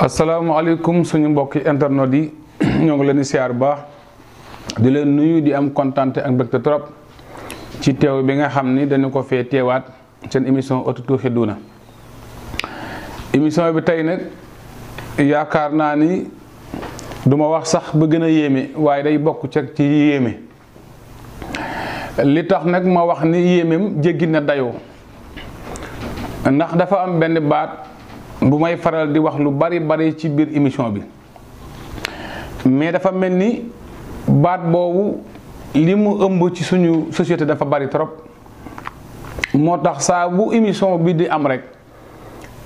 Assalamualaikum, suñu mbokk internet yi ñoo ngi leen siar ba di leen nuyu di am kontante ak bëkk trop ci téw bi nga xamni dañ dañu ko fee teewaat seen émission auto tuuxi xiduna émission bi tay nak yaakar na ni duma wax sax ba gëna yéme waye day bokku ci ci yéme li tax nak ma wax ni yémem jéggina dayo ndax dafa am benn baat bu may faral di wax lu bari bari ci biir émission bi mais dafa mel ni baat boobu li mu ëmb ci suñu société dafa bari trop moo tax saa bu émission bi di am rek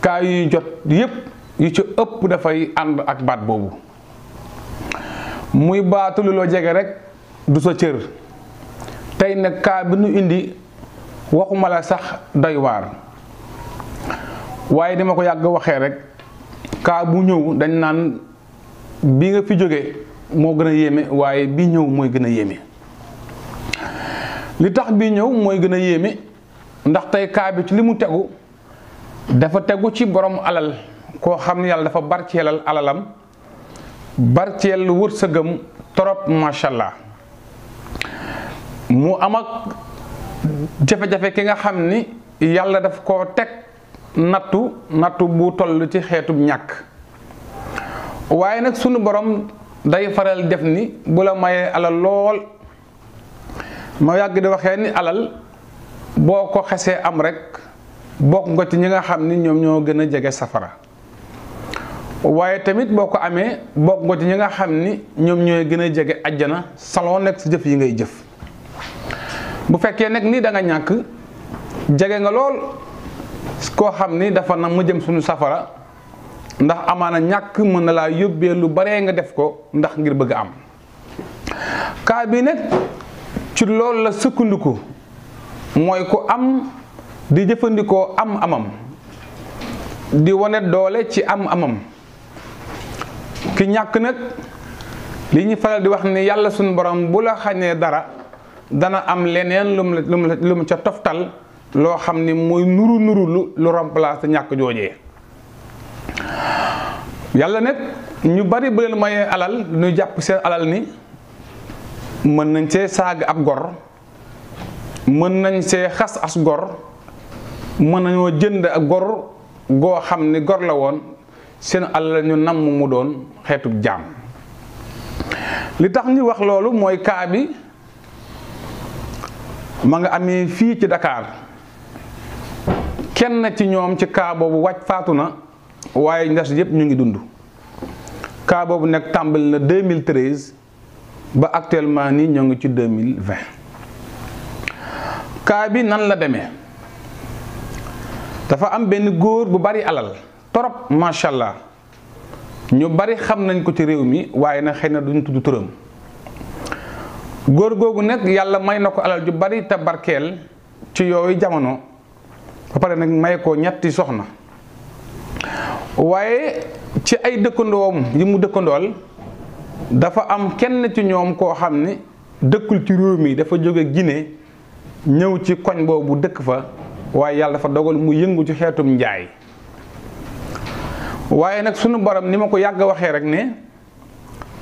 kaa yuy jot yépp yu ci ëpp dafay ànd ak baat boobu muy baatu lu loo jege rek du sa cër tey nag kaa bi nu indi waxuma la sax doy waar waaye dama ko yàgg waxee rek kaa bu ñëw dañ naan bi nga fi jógee moo gën a yéeme waaye bi ñëw mooy gën a yéeme li tax bii ñëw mooy gën a yéeme ndax tey kaa bi ci li mu tegu dafa tegu ci borom alal koo xam ne yàlla dafa barceelal alalam barceel wërsëgam torop macha allah mu am ak jafe-jafe ki nga xam ni yàlla daf koo teg Natu, natu bu toll ci nyak. ñak waye nak sunu borom day faral def ni bu la maye alal lol. ma yàgg di ni alal boko ko amrek, am rek hamni nga ci ñinga xamni ñom ñoo gëna jégé safara waye tamit boko amé bok nga ci ñinga xamni ñom ñoy gëna jégé aljana a nek ci jëf yi ngay jëf bu nak ni da nga ñak jégé nga lol koo xam ni dafa na mu jëm suñu safara ndax amaana ñàkk mën na laa yóbbee lu baree nga def ko ndax ngir bëgg am kaa bi nag ci loolu la sukkandiku mooy ku am di jëfandikoo am amam di wane doole ci am amam ki ñàkk nag li ñu faral di wax ni yàlla suñu borom bu la xañee dara dana am leneen lu mu lu mu ca toftal lo xamni moy nuru nuru lu lu remplacer ñak jojé yalla nek ñu bari bu len maye alal ñu japp sen alal ni mën nañ ci sag ab gor mën nañ ci xas as gor mën nañu jënd ak gor go xamni gor la won sen alal ñu nam mu doon xeetu jam li tax ñu wax lolu moy ka bi ma nga amé fi ci Dakar kenn ci ñoom ci kaa bu wàcc faatu na waaye ndas yëpp ñu ngi dund kaa bu nag tàmbali na 2013 ba actuellement nii ñoo ngi ci 2020 kaa bi nan la demee dafa am benn góor bu bari alal torop macha allah ñu bari xam nañ ko ci réew mi waaye na xëy na duñ tudd turam góor googu nag yàlla may na ko alal ju bari te barkeel ci yooyu jamono. ba pare nag may ko ñetti soxna waaye ci ay dëkkandoom yi mu dëkkandool dafa am kenn ci ñoom koo xam ni dëkkul ci réew mi dafa jóge gine ñëw ci koñ boobu dëkk fa waaye yàlla dafa dogal mu yëngu ci xeetum njaay waaye nag sunu borom ni ma ko yàgg waxee rek ne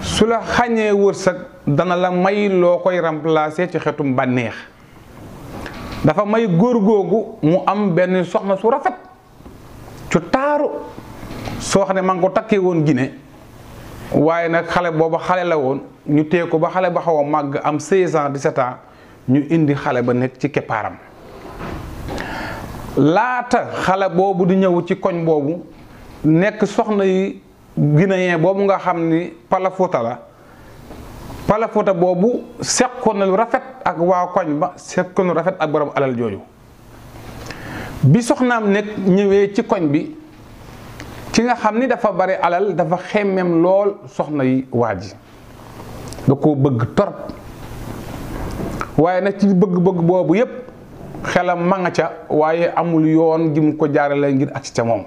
su la xàññee wërsëg dana la may loo koy remplacer ci xeetum bànneex dafa may góor googu mu am benn soxna su rafet cu taaru soo xam ne maa ngi ko takkee woon Guinée waaye nag xale boobu xale la woon ñu téye ko ba xale ba xaw a màgg am 16 ans 17 ans ñu indi xale ba nekk ci keppaaram laata xale boobu di ñëw ci koñ boobu nekk soxna yi guinéen boobu nga xam ni Palafoota la. palafoota boobu seqoon na lu rafet ak waa koñ ba seqoon lu rafet ak borom alal jooju bi soxnaam nekk ñëwee ci koñ bi ki nga xam ni dafa bari alal dafa xemeem lool soxna yi waaj ji da koo bëgg torop waaye nag ci bëgg-bëgg boobu yépp xelam ma nga ca waaye amul yoon gi mu ko jaarale ngir agsi ca moom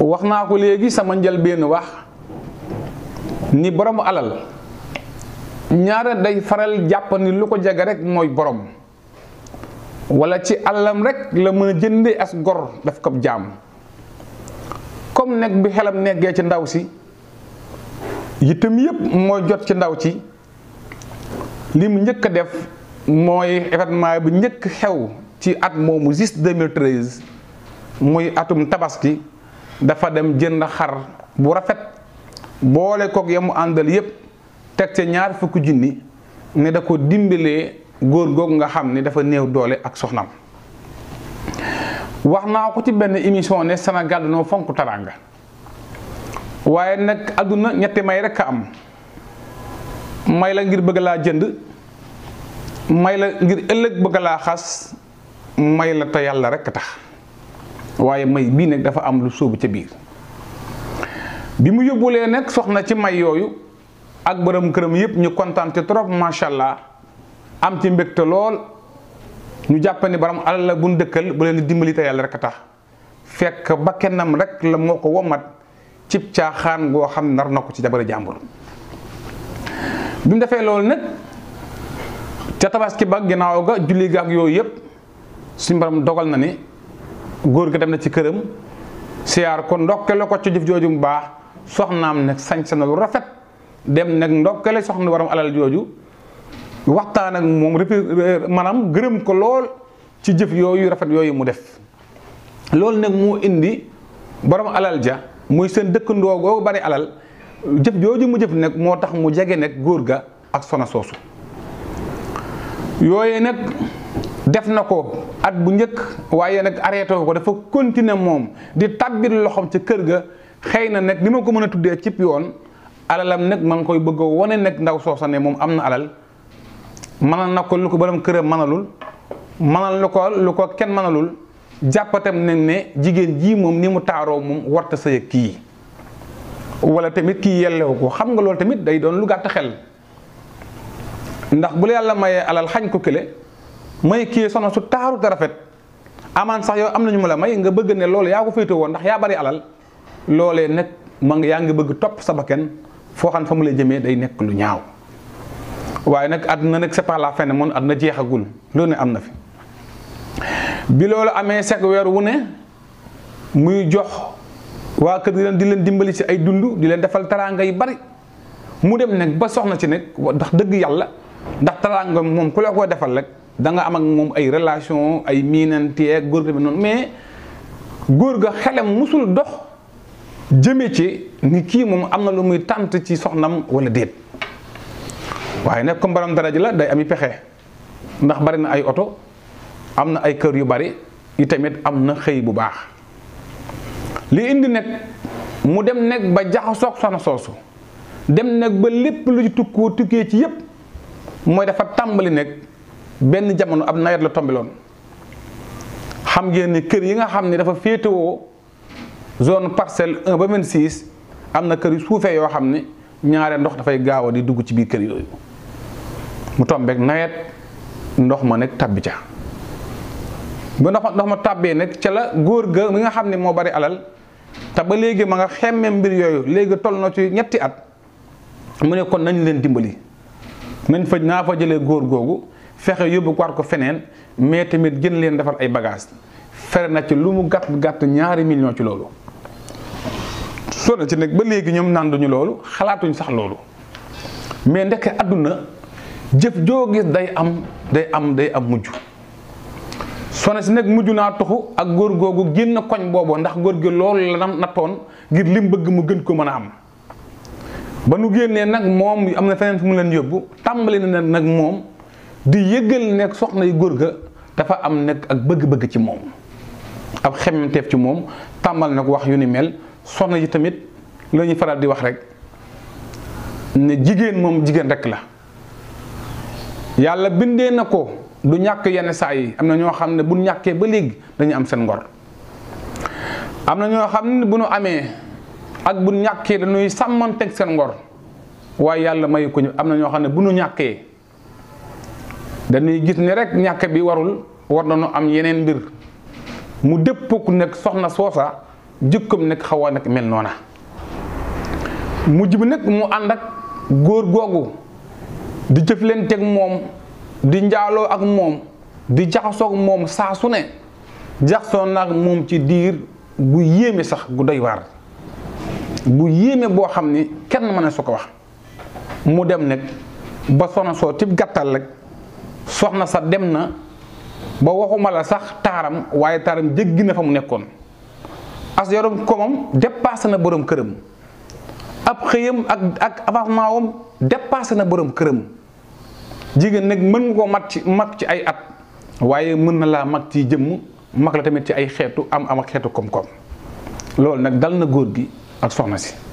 wax naa ko léegi sama njëlbéen wax ni boromu alal ñaara day faral jàpp ni lu ko jege rek mooy boroom wala ci alalam rek la mën a jëndee as gor daf ko jaam comme nekk bi xelam nekkee ci ndaw si itam yépp mooy jot ci ndaw ci li mu njëkk a def mooy événement bi njëkk xew ci at moomu juste 2013 muy atum tabaski dafa dem jënd xar bu rafet boole kook yamu àndal yépp teg ca ñaar fukki junni ne da ko dimbalee góor googu nga xam ne dafa néew doole ak soxnam wax naa ko ci benn émission ne Sénégal dañoo fonk taraanga waaye nag àdduna ñetti may rekk a am may la ngir bëgg laa jënd may la ngir ëllëg bëgg laa xas may la te yàlla rekk tax waaye may bii nag dafa am lu soobu ca biir bi mu yóbbulee nag soxna ci may yooyu ak borom këram yëpp ñu kontaan te trop macha allah am ci mbëgte lool ñu jàpp ne borom alal la bu nu dëkkal bu leen dimbali te yàlla rek a tax fekk ba kennam rek la moo ko womat cib caaxaan goo xam nar na ko ci jabari jàmbur. bi mu defee loolu nag ca tabaski ba ginnaaw ga julli ga ak yooyu yëpp suñu borom dogal na ni góor ga dem na ci këram siyaar ko ndokke la ko ci jëf jooju mu baax. soxnam nak sañse na lu rafet dem nak ndokale soxna waram alal joju waxtan ak mom manam gërëm ko lol ci jëf yoyu rafet yoyu mu def lol nak mo indi borom alal ja muy seen dekk ndogo bari alal jëf joju mu jëf nak moo tax mu jege nak goor ga ak sona soosu yoyé nak def nako ad at bu ñëk waaye nak arrêté ko dafa continuer mom di tabir loxom ci kër ga xëy na nag ni ma ko mën a tuddee cib yoon alalam nag ma ngi koy bëgg a wane nag ndaw soosa ne moom am na alal mënal na ko lu ko borom këram mënalul mënal na ko lu ko kenn manalul jàppatam ne ne jigéen jii moom ni mu taaroo moom warta sëy kii wala tamit kii yellewu ko xam nga loolu tamit day doon lu gàtt xel ndax bu la yàlla mayee alal xañ ko kële may kii soxna su taaru te rafet amaan sax yow am nañu ma la may nga bëgg ne loolu yaa ko féete woon ndax yaa bari alal loole nag ma nga yaa ngi bëgg topp sa bakkan foo xam fa mu lay jëmee day nekk lu ñaaw waaye nag àdduna nag c'est pas la fin moom jeexagul loolu ne am na fi bi loolu amee sek weer wu ne muy jox waa kër gi leen di leen dimbali si ay dund di leen defal taraanga yi bari mu dem nag ba soxna si nag ndax dëgg yàlla ndax taraanga moom ku la ko defal rek danga nga am ak moom ay relation ay miinanteeg góor tamit noonu góor ga xelam musul dox. jëme ci ni kii moom am na lu muy tànt ci soxnam walla déet waaye nag comme borom daraja la day ami pexe ndax bari na ay oto am na ay kër yu bari yi tamit am na xëy bu baax li indi nag mu dem nekk ba jaxasoog soxna soosu dem nag ba lépp lu ci tukkoo tukkee ci yépp mooy dafa tàmbali nekk benn jamono ab nawet la tombeloon xam ngeen kër yi nga xam ni dafa féetewoo zone parcelle 1 ba 26 am na kër yu suufee yoo xam ne ñaare ndox dafay gaaw a di dugg ci biir kër yooyu mu tombeek nawet ndox ma nekk tabbi ca ba ndox ma ma tàbbee nag ca la góor ga mi nga xam ne moo bari alal te ba léegi ma nga xemme mbir yooyu léegi toll na ci ñetti at mu ne kon nañ leen dimbali nañ fa naa fa jëlee góor googu fexe yóbbu ko war ko feneen mais tamit gën leen defal ay bagages fere na ci lu mu gàtt gàtt ñaari million ci loolu sonna ci nag ba léegi ñoom nànduñu loolu xalaatuñu sax loolu mais ndekk àdduna jëf joo gis day am day am day am mujj sone si nag mujj naa toxu ak góor googu génn koñ boobu ndax góor gi loolu la nattoon ngir lim bëgg mu gën ko mën a am ba nu génnee nag moom am na feneen fu mu leen yóbbu tàmbali na nag moom di yëgal nekk soxna yu góor ga dafa am nekk ak bëgg-bëgg ci moom ab xemmeteef ci moom tàmbal na ko wax yu ni mel soxna yi tamit la faral di wax rek ne jigéen moom jigéen rek la yàlla bindee na ko du ñàkk yenn saa yi am na ñoo xam ne bu ñàkkee ba léegi dañu am seen ngor am na ñoo xam ne amee ak bu ñàkkee dañuy sàmmanteeg seen ngor waaye yàlla mayu ko ñu am na ñoo xam ne bu nu ñàkkee dañuy gis ni rek ñàkk bi warul war nañu am yeneen mbir mu dëpp ku nekk soxna soosa jëkkoom nag xaw a nag mel noona mujj bi nag mu ànd ak góor googu di jëflanteeg moom di njaaloo ak moom di jaxasoog moom saa su ne jaxasoo nag moom ci diir bu yéeme sax gu doy waar bu yéeme boo xam ni kenn mën su ko wax mu dem nag ba sonasoo soo gàttal rek soxna sa dem na ba waxuma la sax taaram waaye taaram jéggi na fa mu nekkoon as yorom komam dépassé na boroom këram ab xëyam ak ak avancement wam dépassé na borom këram jigéen nag mën nga ko mat ci mag ci ay at waaye mën na laa mag ci jëmm mag la tamit ci ay xeetu am am ak xeetu koom-koom loolu nag dal na góor gi ak soxna si